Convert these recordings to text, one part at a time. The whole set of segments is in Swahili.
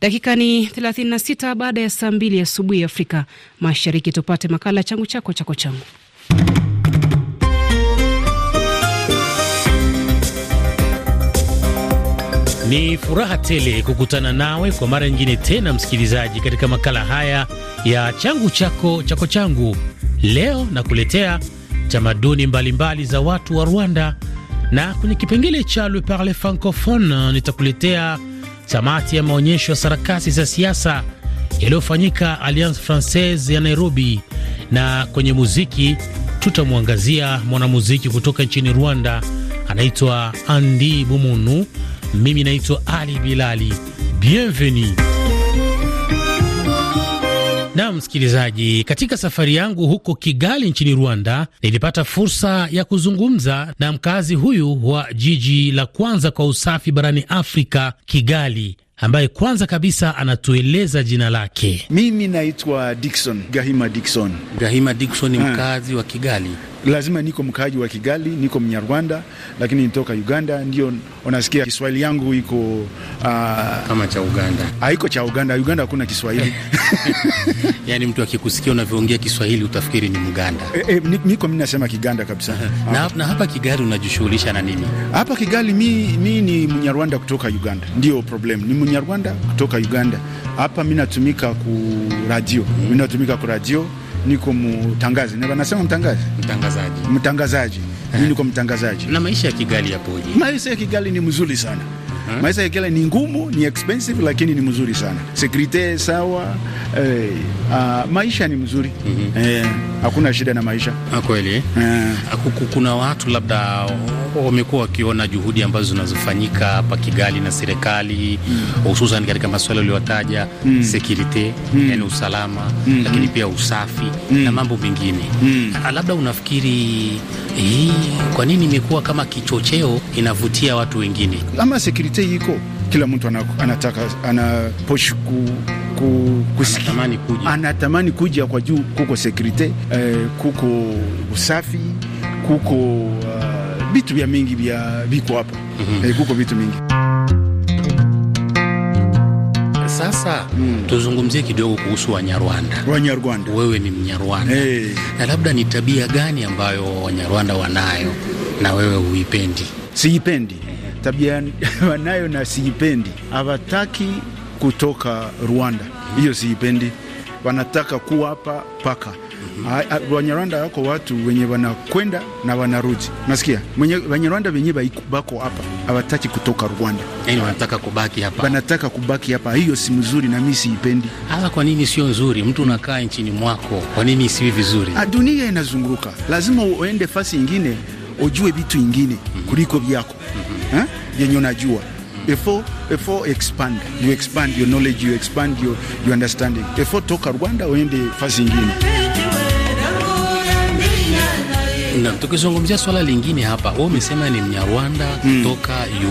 Dakika ni 36 baada ya saa mbili asubuhi Afrika Mashariki. Tupate makala changu chako chako changu. Ni furaha tele kukutana nawe kwa mara nyingine tena, msikilizaji, katika makala haya ya changu chako chako changu. Leo nakuletea tamaduni mbalimbali za watu wa Rwanda, na kwenye kipengele cha Le Parle Francophone nitakuletea Tamati ya maonyesho ya sarakasi za siasa yaliyofanyika Alliance Francaise ya Nairobi. Na kwenye muziki tutamwangazia mwanamuziki kutoka nchini Rwanda, anaitwa andi Bumunu. Mimi naitwa Ali Bilali. Bienvenue. Na msikilizaji, katika safari yangu huko Kigali nchini Rwanda, nilipata fursa ya kuzungumza na mkazi huyu wa jiji la kwanza kwa usafi barani Afrika, Kigali, ambaye kwanza kabisa anatueleza jina lake. Mimi naitwa Dikson Gahima. Dikson. Gahima ni mkazi wa Kigali lazima niko mkaaji wa Kigali, niko Mnyarwanda lakini nitoka Uganda, ndio unasikia Kiswahili yangu iko uh, kama cha Uganda. Haiko cha Uganda, Uganda hakuna Kiswahili yani mtu akikusikia unavyoongea Kiswahili utafikiri ni Mganda. E, e, niko mimi nasema Kiganda kabisa na, hapa. Na hapa Kigali unajishughulisha na nini? Hapa Kigali mi, mi ni Mnyarwanda kutoka Uganda, ndio problem, ni Mnyarwanda kutoka Uganda. Hapa mi natumika ku radio, mi natumika ku radio niko mtangazi na wanasema mtangazi, mtangazaji, mtangazaji. Eh. Mimi niko mtangazaji. Na maisha ya Kigali yapoje? Maisha ya Kigali ni mzuri sana. Hmm. Maisha ya Kigali ni ngumu, ni expensive lakini ni mzuri sana. Sekurite sawa, eh, uh, maisha ni mzuri. Mm -hmm. Eh, hakuna shida na maisha. Ah, kweli. Eh. Ah, kuna watu labda wamekuwa wakiona juhudi ambazo zinazofanyika hapa Kigali na serikali hususan mm. katika masuala uliyotaja mm. security mm. yani usalama mm -hmm. lakini pia usafi mm. na mambo mengine mm. labda unafikiri hii kwa nini imekuwa kama kichocheo inavutia watu wengine? Ama security iko kila mtu anataka ana posh ku ku, anatamani kuja, anatamani kuja kwa juu, kuko security eh, kuko usafi, kuko bitu vya mingi vya viko hapa mm -hmm. kuko vitu mingi sasa mm. Tuzungumzie kidogo kuhusu Wanyarwanda. Wanyarwanda, wewe ni Mnyarwanda hey. Eh. Na labda ni tabia gani ambayo Wanyarwanda wanayo na wewe huipendi? Siipendi tabia wanayo na siipendi. Hawataki kutoka Rwanda, hiyo siipendi. Wanataka kuwa hapa paka Ah, Wanyarwanda wako watu wenye wanakwenda na wanarudi, nasikia Wanyarwanda wenye bako hapa hawataki kutoka Rwanda, yani wanataka kubaki hapa, wanataka kubaki hapa. Hiyo si mzuri na mi siipendi. Hasa kwa nini sio nzuri? Mtu unakaa nchini mwako, kwa nini isiwi vizuri? Ah, dunia inazunguka, lazima uende fasi ingine ujue vitu ingine kuliko vyako mhm. eh? yenye unajua before before expand. You expand your knowledge, you expand your, your understanding. toka Rwanda uende fasi ingine tukizungumzia swala lingine hapa, wewe umesema ni Mnyarwanda mm.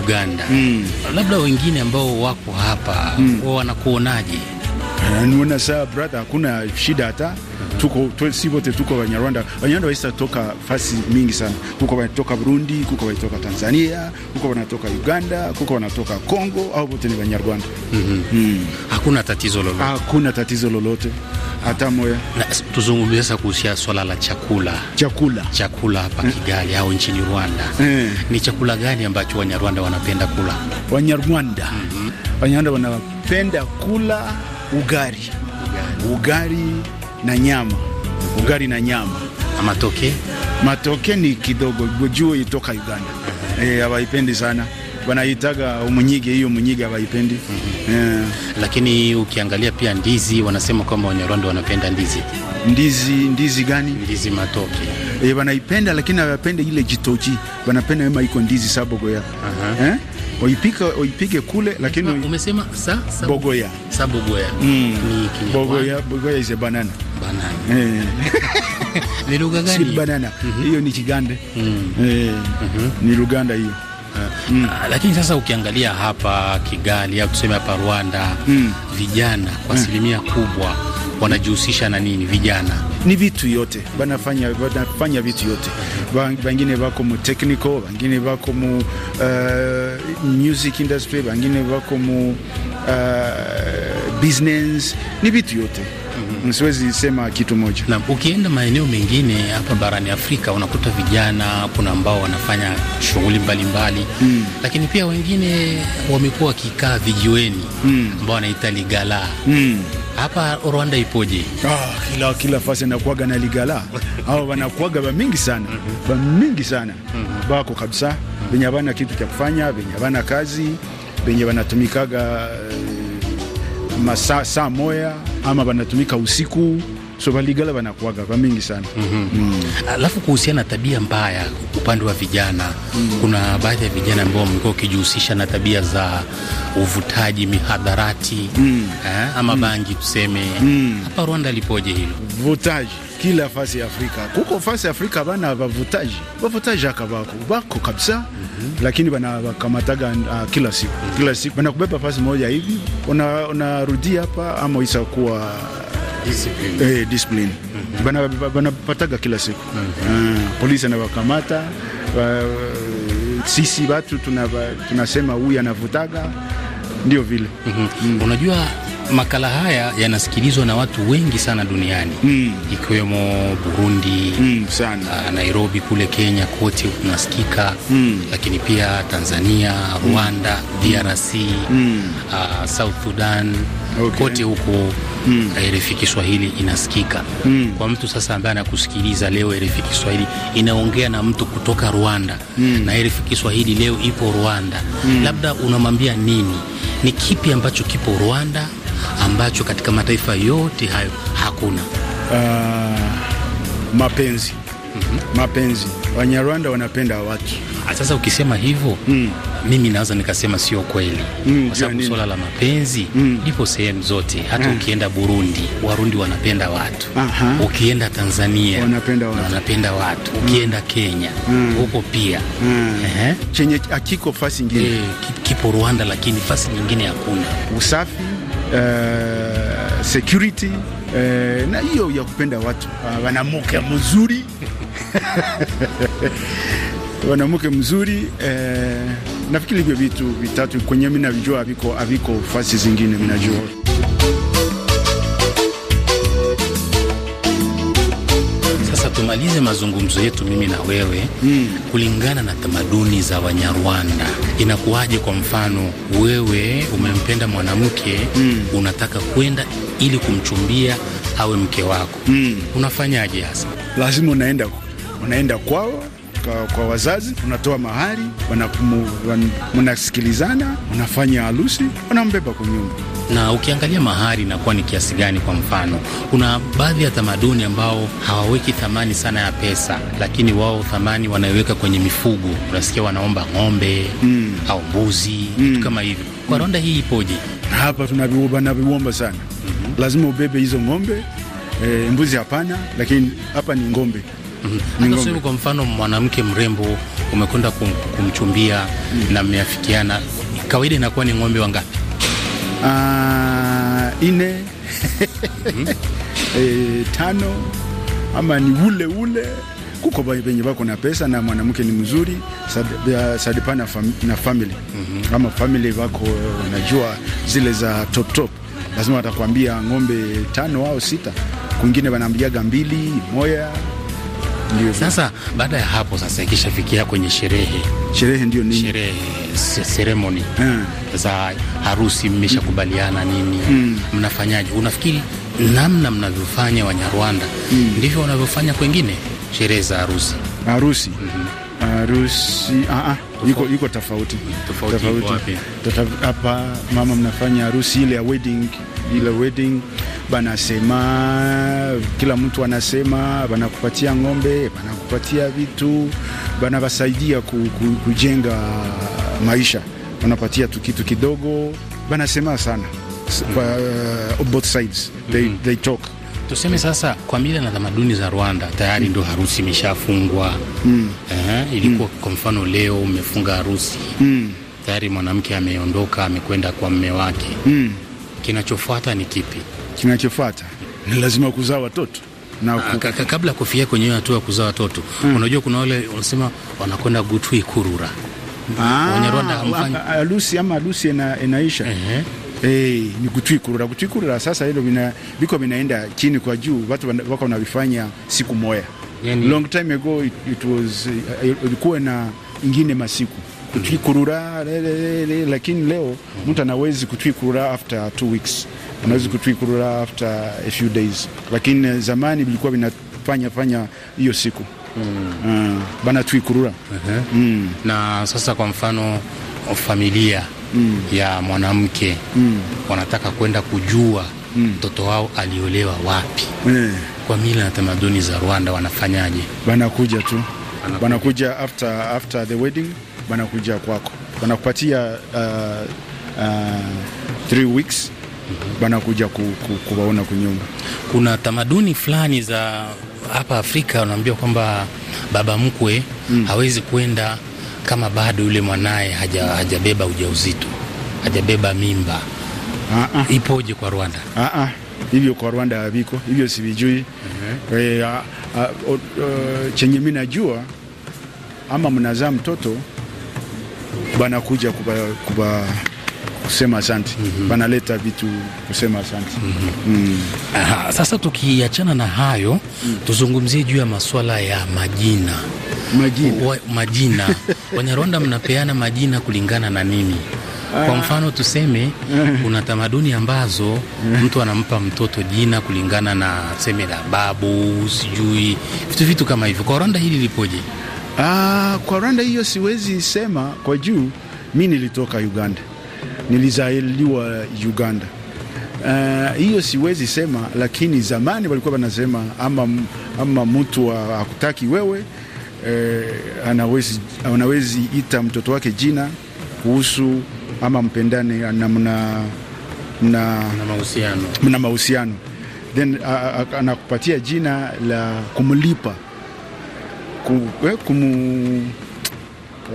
Uganda mm. labda wengine ambao wako hapa mm. wao wanakuonaje? Ah, Niona saa brother, hakuna shida hata mm. tuko si wote tuko Wanyarwanda. Wanyarwanda waisa toka fasi mingi sana, kuko wanatoka Burundi, kuko wanatoka Tanzania, kuko wanatoka Uganda, kuko wanatoka Kongo, au wote ni Wanyarwanda. mm -hmm. mm. hakuna tatizo lolote, hakuna tatizo lolote hata moja. Tuzungumzie sasa kuhusia swala la chakula, chakula chakula hapa mm. Kigali au nchini Rwanda mm. ni chakula gani ambacho Wanyarwanda wanapenda kula? Wanyarwanda mm -hmm. Wanyarwanda wanapenda kula ugari, ugari, ugari na nyama, ugari na nyama na matoke. Matoke ni kidogo, juu itoka Uganda mm -hmm. E, hawaipendi sana wanaitaga umunyige, hiyo munyige hawaipendi. mm -hmm. yeah. Lakini ukiangalia pia ndizi, wanasema kwamba Wanyarwanda wanapenda ndizi. Ndizi ndizi gani? Ndizi matoke e, wanaipenda lakini hawapende ile jitoji, wanapenda ema iko ndizi sa bogoya. uh -huh. eh? Oipika, oipike kule lakini Ma, ah, umesema sa, sa bogoya sa bogoya. Mm. Ni bogoya, bogoya is a banana banana. Eh. Ni lugha gani? Si banana. Mhm. Hiyo mm -hmm. ni Kigande. Mm. Eh. Mm -hmm. Ni Luganda hiyo mm. Ah, lakini sasa ukiangalia hapa Kigali au tuseme hapa Rwanda mm. vijana kwa mm. asilimia mm. kubwa wanajihusisha na nini? Vijana ni vitu yote wanafanya, wanafanya vitu yote bangine wako mu technical, wengine wako mu uh, music industry, wengine wako mu uh, business, ni vitu yote Mm. siwezi sema kitu moja. Na ukienda maeneo mengine hapa barani Afrika unakuta vijana, kuna ambao wanafanya shughuli mbalimbali mm. lakini pia wengine wamekuwa wakikaa vijiweni mm. ambao wanaita ligala mm. Hapa Rwanda ipoje? Ah, kila kila fasi anakuaga na ligala au wanakuaga ba mingi sana ba mingi sana mm-hmm. bako kabisa, venye havana kitu cha kufanya, venye havana kazi, venye wanatumikaga eh, masaa saa moya ama wanatumika usiku so Waligala wanakuaga kwa mingi sana mm -hmm. mm. Alafu kuhusiana na tabia mbaya upande wa vijana mm. kuna baadhi ya vijana ambao wamekuwa wakijihusisha na tabia za uvutaji mihadharati mm. eh, ama mm. bangi tuseme mm. hapa Rwanda lipoje hilo vutaji kila fasi ya Afrika kuko fasi ya Afrika bana vavutaji bavutaji akabako bako kabisa mm -hmm. lakini bana bakamataga uh, ah, kila siku kila siku bana kubeba fasi moja hivi unarudia una hapa ama isakuwa discipline. Eh, discipline. Mm -hmm. Bana banapataga kila siku. Mm -hmm. Uh, polisi anawakamata uh, sisi watu tunasema tuna huyu anavutaga ndio vile. Mhm. Mm -hmm. Mm -hmm. Unajua Makala haya yanasikilizwa na watu wengi sana duniani mm. ikiwemo Burundi mm, sana. Uh, Nairobi kule Kenya kote unasikika mm. lakini pia Tanzania, Rwanda mm. DRC mm. Uh, South Sudan okay. kote huko mm. Ah, RFI Kiswahili inasikika mm. kwa mtu sasa ambaye anakusikiliza leo, RFI Kiswahili inaongea na mtu kutoka Rwanda mm. na RFI Kiswahili leo ipo Rwanda mm. labda unamwambia nini? Ni kipi ambacho kipo Rwanda ambacho katika mataifa yote hayo hakuna. Uh, mapenzi Mm -hmm. Mapenzi, Wanyarwanda wanapenda watu. Ah, sasa ukisema hivyo mm. mimi naweza nikasema sio kweli mm, kwa sababu swala la mapenzi mm. lipo mm. sehemu zote. Hata ah. ukienda Burundi Warundi wanapenda watu. Aha. Ukienda Tanzania wanapenda watu, wanapenda watu. Mm. Ukienda Kenya mm. huko mm. pia mm. uh -huh. chenye akiko fasi nyingine e, kipo Rwanda, lakini fasi nyingine hakuna usafi Eh, security uh, na hiyo ya kupenda watu uh, wanamuke mzuri wanamuke mzuri uh, nafikiri hivyo vitu vitatu kwenye mimi navijua, aviko fasi zingine minajua tumalize mazungumzo yetu mimi na wewe mm, kulingana na tamaduni za Wanyarwanda inakuwaje? Kwa mfano wewe umempenda mwanamke mm, unataka kwenda ili kumchumbia awe mke wako mm, unafanyaje hasa? Lazima unaenda, unaenda kwao kwa, kwa wazazi unatoa mahari, mnasikilizana, unafanya harusi, unambeba kwa nyumba na ukiangalia mahari inakuwa ni kiasi gani. Kwa mfano, kuna baadhi ya tamaduni ambao hawaweki thamani sana ya pesa, lakini wao thamani wanaiweka kwenye mifugo. Unasikia wanaomba ng'ombe mm. au mbuzi mm. kama hivyo. Kwa mm. Rwanda hii ipoje? Hapa tunaviomba sana mm -hmm. lazima ubebe hizo ng'ombe e, mbuzi hapana, lakini hapa ni ng'ombe Mm -hmm. Hata kwa mfano mwanamke mrembo umekwenda kum, kumchumbia mm -hmm. na mmeafikiana, kawaida inakuwa ni ng'ombe wangapi? uh, ine e, eh, tano ama ni ule ule kuko venye vako na pesa na mwanamke ni mzuri sadipa na, fam, na family mm -hmm. Ama family vako eh, najua zile za top top, lazima watakwambia ng'ombe tano au sita, kwingine wanaambiaga mbili moya Ndiyo. Sasa baada ya hapo sasa ikishafikia kwenye sherehe, sherehe ndio nini? Sherehe ceremony hmm. za harusi, mmeshakubaliana nini? hmm. Mnafanyaje? Unafikiri namna mnavyofanya Wanyarwanda hmm. ndivyo wanavyofanya kwengine sherehe za harusi harusi mhm. harusi mm -hmm. Yuko, yuko tofauti tofauti hapa mama, mnafanya harusi ile ya wedding ile wedding banasema kila mtu anasema, banakupatia ng'ombe, banakupatia vitu, banabasaidia ku, ku, kujenga maisha, banapatia tu kitu kidogo, banasema sana uh, both sides they, mm -hmm. they talk Tuseme sasa kwa mila na tamaduni za Rwanda tayari mm. ndo harusi imeshafungwa mm. ilikuwa mm. kwa mfano leo umefunga harusi mm. tayari mwanamke ameondoka amekwenda kwa mme wake mm. Kinachofuata ni kipi? Kinachofuata ni lazima kuzaa watoto na ah, ku... kabla ya kufikia kwenye hatua ya kuzaa watoto hmm. Unajua kuna wale wanasema wanakwenda gutwi kurura ah, harusi ama harusi inaisha uh-huh. Eh, hey, ni kutwikurura kurura. Sasa hilo vina, viko vinaenda chini kwa juu, watu wako wanavifanya siku moya yani. Long time ago it, it was eh, ilikuwa uh, na ingine masiku kutwikurura lelelele, lakini leo mtu anawezi kutwikurura after two weeks, anawezi kutwikurura after a few days, lakini zamani vilikuwa vinafanya fanya hiyo siku mm. bana twikurura uh -huh. mm. na sasa kwa mfano familia mm. ya mwanamke mm. wanataka kwenda kujua hmm. mtoto mm. wao aliolewa wapi mm. kwa mila na tamaduni za Rwanda wanafanyaje? Wanakuja tu, wanakuja after, after the wedding wanakuja kwako, wanakupatia uh, uh, three weeks wanakuja ku, ku, kuwaona kunyumba. Kuna tamaduni fulani za hapa Afrika wanaambia kwamba baba mkwe mm. hawezi kwenda kama bado yule mwanaye haja, hajabeba ujauzito hajabeba mimba. uh -uh. Ipoje kwa Rwanda? uh -uh. Hivyo kwa Rwanda haviko hivyo, sivijui. Uh-huh. Eh, uh -huh. E, uh, chenye mi najua ama mnazaa mtoto banakuja kuba, kuba kusema asante mm -hmm. Banaleta vitu kusema asante mhm. mm -hmm. mm. sasa tukiachana na hayo mm. Tuzungumzie juu ya masuala ya majina majina, wa, majina. Wanyarwanda mnapeana majina kulingana na nini? Ah. Kwa mfano tuseme eh. kuna tamaduni ambazo eh. mtu anampa mtoto jina kulingana na seme la babu, sijui vitu vitu kama hivyo. Kwa Rwanda hili lipoje? Aa, ah, kwa Rwanda hiyo siwezi sema kwa juu. Mi nilitoka Uganda, nilizaliwa Uganda. Uh, hiyo siwezi sema, lakini zamani walikuwa wanasema ama, ama mtu akutaki wewe eh, anawezi, anawezi ita mtoto wake jina kuhusu ama mpendane na mna, mna, mahusiano, mna mahusiano then anakupatia jina la kumlipa kumu, eh, kumu,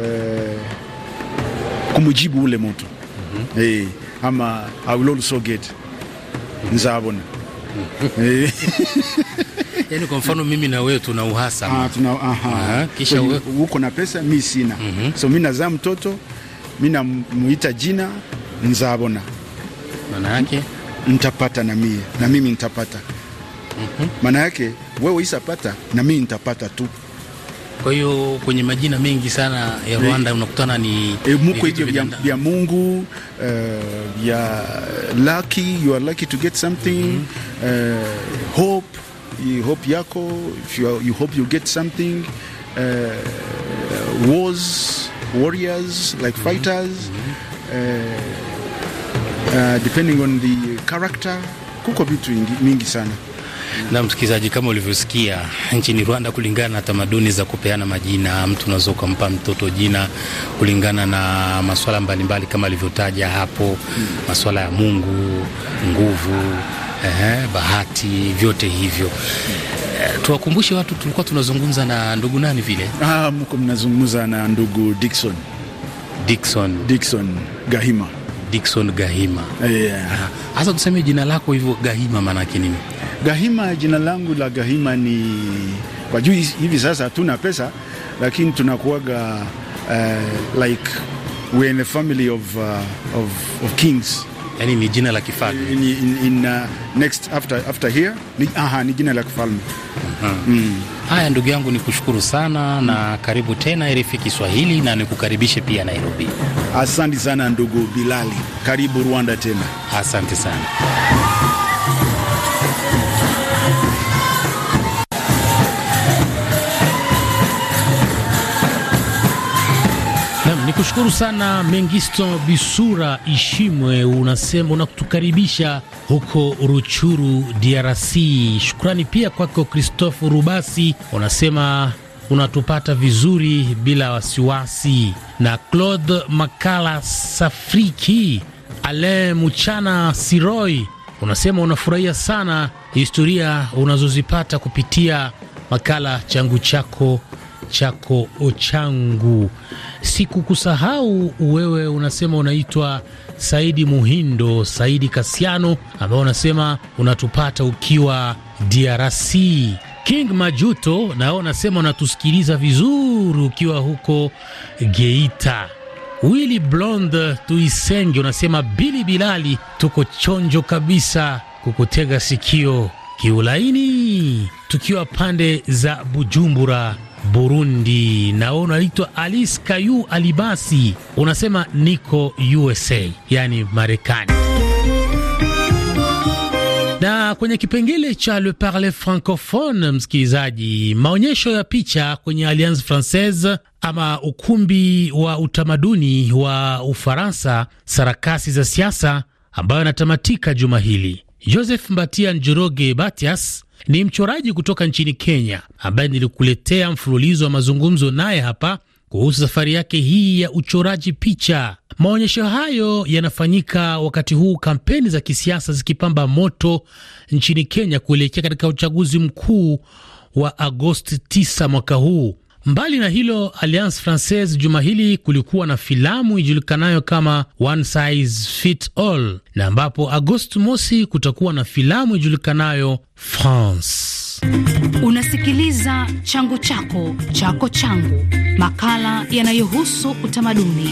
eh, kumujibu ule mtu mm -hmm. eh, ama I will also get nzabona mhm. eh. yani kwa mfano mimi na wewe tuna uhasama ah, tuna, aha. Aha, kisha wewe uko na pesa mi sina mm -hmm. so mi nazaa mtoto mi namuita jina nzabona maana yake ntapata na mie na mimi ntapata mhm. maana mm -hmm. yake wewe isapata na mimi ntapata tu kwa hiyo kwenye majina mengi sana ya Rwanda unakutana ni e, muko hivyo vya, vya Mungu vya eh, uh, lucky you are lucky to get something mm -hmm. uh, hope you hope yako if you, are, you hope you get something uh, wars warriors like mm -hmm. fighters mm -hmm. uh, uh, depending on the character kuko vitu mingi sana. Na msikilizaji, kama ulivyosikia, nchini Rwanda, kulingana na tamaduni za kupeana majina, mtu unaweza ukampa mtoto jina kulingana na masuala mbalimbali kama alivyotaja hapo, masuala ya Mungu, nguvu, eh, bahati, vyote hivyo eh, tuwakumbushe watu, tulikuwa tunazungumza na ndugu nani vile? Ah, mko mnazungumza na ndugu Dickson. Dickson. Dickson Gahima. Dickson Gahima. Eh, yeah. Sasa tuseme jina lako hivyo Gahima maana yake nini? Gahima, jina langu la Gahima ni kwa juu hivi sasa hatuna pesa, lakini tunakuaga uh, like we in a family of, uh, of, of kings Yani ni jina la kifalme in, in, in, uh, next after after here ni, aha, ni jina la kifalme mm. Haya, ndugu yangu, ni kushukuru sana na karibu tena RFI Kiswahili na nikukaribishe pia Nairobi. Asante sana ndugu Bilali, karibu Rwanda tena. Asante sana. Nikushukuru sana Mengisto Bisura Ishimwe, unasema unakutukaribisha huko Ruchuru, DRC. Shukrani pia kwako Christophe Rubasi, unasema unatupata vizuri bila wasiwasi, na Claude Makala Safriki Ale Muchana Siroi, unasema unafurahia sana historia unazozipata kupitia makala changu chako chako ochangu. Sikukusahau wewe, unasema unaitwa Saidi Muhindo Saidi Kasiano, ambao unasema unatupata ukiwa DRC. King Majuto nao unasema unatusikiliza vizuri ukiwa huko Geita. Willy blond Tuisenge unasema Bili Bilali, tuko chonjo kabisa kukutega sikio kiulaini, tukiwa pande za Bujumbura Burundi. Na wewe unaitwa Alice Kayu Alibasi, unasema niko USA, yani Marekani. Na kwenye kipengele cha Le Parle Francophone, msikilizaji, maonyesho ya picha kwenye Alliance Francaise ama ukumbi wa utamaduni wa Ufaransa, sarakasi za siasa ambayo anatamatika juma hili. Joseph Mbatia Njoroge Batias ni mchoraji kutoka nchini Kenya ambaye nilikuletea mfululizo wa mazungumzo naye hapa kuhusu safari yake hii ya uchoraji picha. Maonyesho hayo yanafanyika wakati huu kampeni za kisiasa zikipamba moto nchini Kenya kuelekea katika uchaguzi mkuu wa Agosti 9 mwaka huu. Mbali na hilo, Alliance Francaise juma hili kulikuwa na filamu ijulikanayo kama One Size Fit All, na ambapo Agosti mosi kutakuwa na filamu ijulikanayo France. Unasikiliza changu chako chako changu, makala yanayohusu utamaduni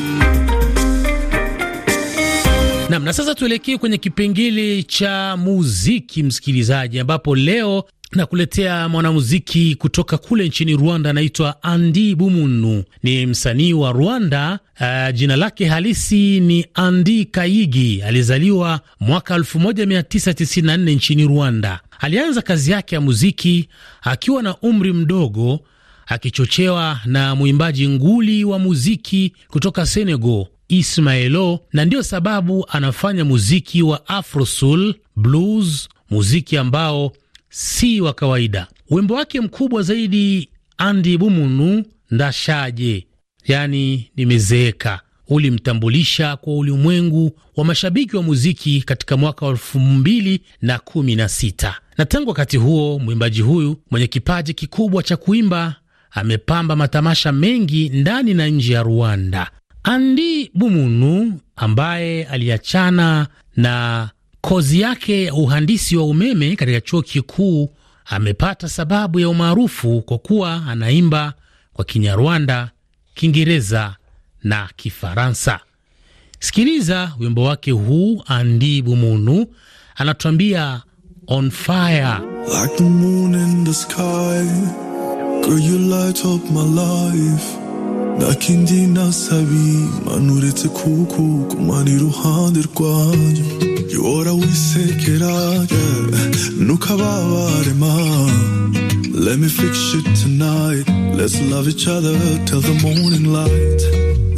nam. Na sasa tuelekee kwenye kipengele cha muziki, msikilizaji, ambapo leo na kuletea mwanamuziki kutoka kule nchini Rwanda, anaitwa Andi Bumunu, ni msanii wa Rwanda. Uh, jina lake halisi ni Andi Kayigi. Alizaliwa mwaka 1994 nchini Rwanda. Alianza kazi yake ya muziki akiwa na umri mdogo, akichochewa na mwimbaji nguli wa muziki kutoka Senegal Ismaelo, na ndiyo sababu anafanya muziki wa afrosoul, blues, muziki ambao si wa kawaida. Wimbo wake mkubwa zaidi Andi Bumunu Ndashaje, yaani nimezeeka, ulimtambulisha kwa ulimwengu wa mashabiki wa muziki katika mwaka wa elfu mbili na kumi na sita na tangu wakati huo mwimbaji huyu mwenye kipaji kikubwa cha kuimba amepamba matamasha mengi ndani na nje ya Rwanda. Andi Bumunu ambaye aliachana na kozi yake ya uhandisi wa umeme katika chuo kikuu, amepata sababu ya umaarufu kwa kuwa anaimba kwa Kinyarwanda, Kiingereza na Kifaransa. Sikiliza wimbo wake huu, Andi Bumunu anatuambia on fire like we Yohora wisekeraya nukababarema Let me fix you tonight Let's love each other till the morning light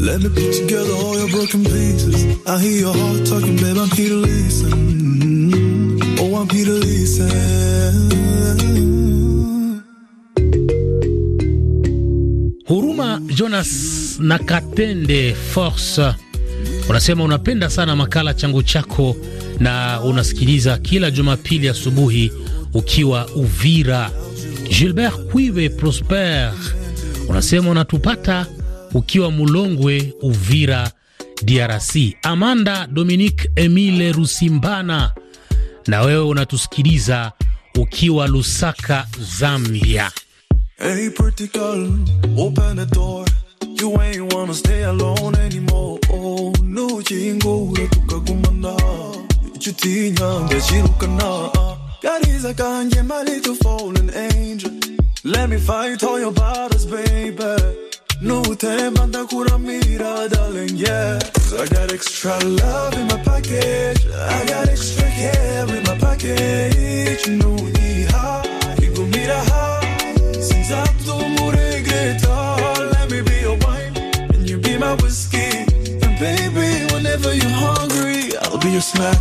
Let me put together all your broken pieces I hear your heart talking, babe, I'm here to listen Oh, I'm here to listen Huruma Jonas na Katende Force unasema unapenda sana makala changu chako na unasikiliza kila Jumapili asubuhi ukiwa Uvira. Gilbert Quive Prosper unasema unatupata ukiwa Mulongwe, Uvira, DRC. Amanda Dominique Emile Rusimbana, na wewe unatusikiliza ukiwa Lusaka, Zambia. Hey, utinya ndakirukana ah. kariza kanjye to fallen angel let me fight all your battles baby nutemba ndakuramira darling yeah I got extra love in my package I got extra care in my package no iha igumira ha sinzapfa umuregreta let me be your wine and you be my whiskey Baby, whenever you're hungry, I'll be your snack.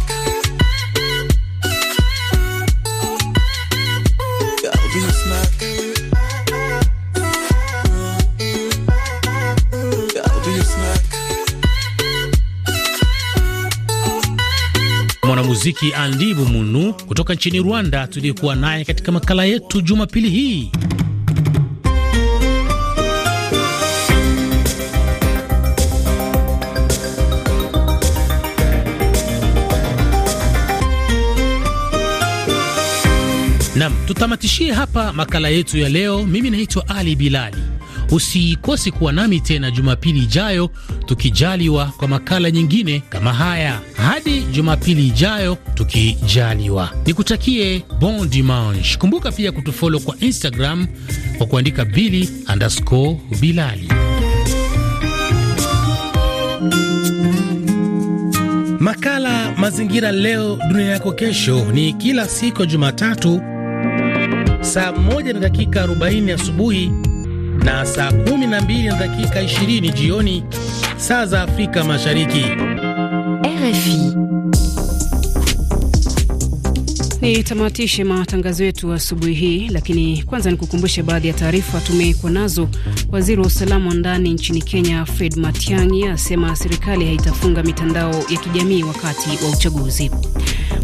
Mwanamuziki Andi Bumunu kutoka nchini Rwanda tuliyekuwa naye katika makala yetu Jumapili hii. Nam, tutamatishie hapa makala yetu ya leo. Mimi naitwa Ali Bilali. Usikose kuwa nami tena Jumapili ijayo, tukijaliwa, kwa makala nyingine kama haya. Hadi Jumapili ijayo, tukijaliwa, nikutakie bon dimanche. Kumbuka pia kutufolo kwa Instagram kwa kuandika bili underscore bilali. Makala Mazingira Leo Dunia Yako Kesho ni kila siku ya Jumatatu saa moja na dakika 40 asubuhi na saa 12 na dakika 20 jioni saa za Afrika Mashariki. RFI. Nitamatishe matangazo yetu asubuhi hii, lakini kwanza nikukumbushe baadhi ya taarifa tumekuwa nazo. Waziri wa usalama wa ndani nchini Kenya Fred Matiang'i asema serikali haitafunga mitandao ya kijamii wakati wa uchaguzi.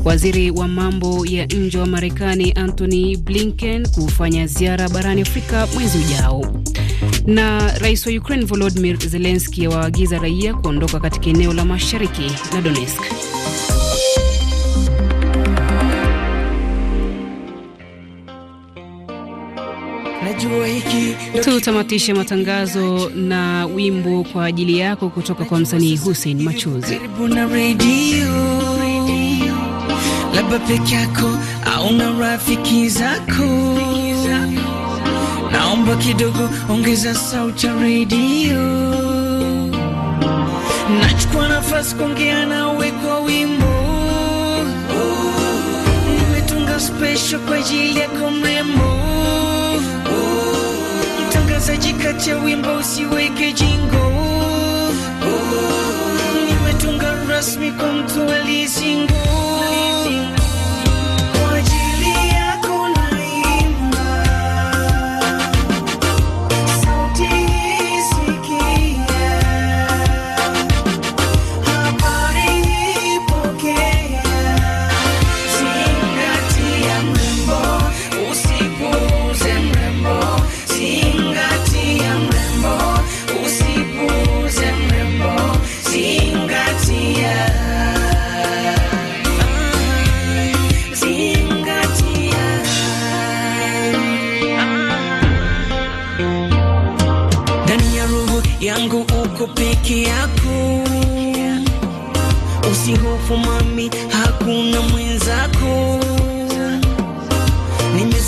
Waziri wa mambo ya nje wa Marekani Antony Blinken kufanya ziara barani Afrika mwezi ujao. Na rais wa Ukraine Volodymyr Zelensky awaagiza raia kuondoka katika eneo la mashariki la Donetsk. Tutamatishe matangazo na wimbo kwa ajili yako kutoka kwa msanii Hussein Machozi labda peke yako auna rafiki zako, naomba kidogo ongeza sauti ya redio. Nachukua nafasi kuongea nawe kwa wimbo, nimetunga special kwa ajili yako mrembo, mtangazaji, kati ya wimbo usiweke jingo, nimetunga rasmi kwa mtu alisingo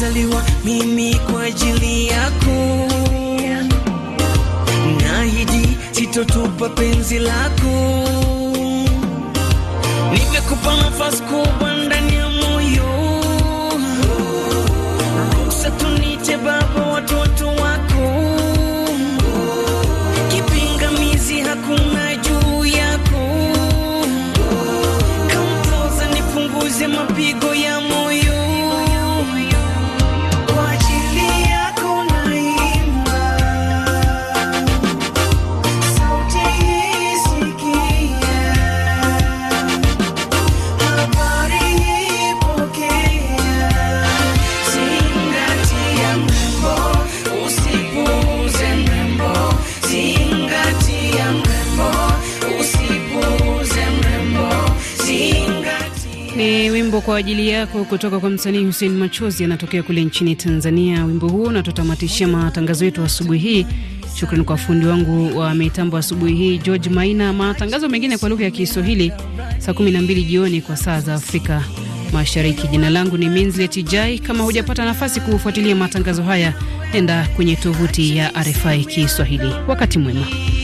nimezaliwa mimi kwa ajili yako, nahidi sitotupa penzi lako. Nimekupa nafasi kubwa ndani ya moyo, ruhusa tunite Baba. kwa ajili yako kutoka kwa msanii Hussein Machozi, anatokea kule nchini Tanzania. Wimbo huo unatutamatishia matangazo yetu asubuhi hii. Shukrani kwa fundi wangu wa mitambo asubuhi hii George Maina. Matangazo mengine kwa lugha ya Kiswahili saa 12 jioni kwa saa za Afrika Mashariki. Jina langu ni Minzleti Jai. Kama hujapata nafasi kufuatilia matangazo haya, enda kwenye tovuti ya RFI Kiswahili. Wakati mwema.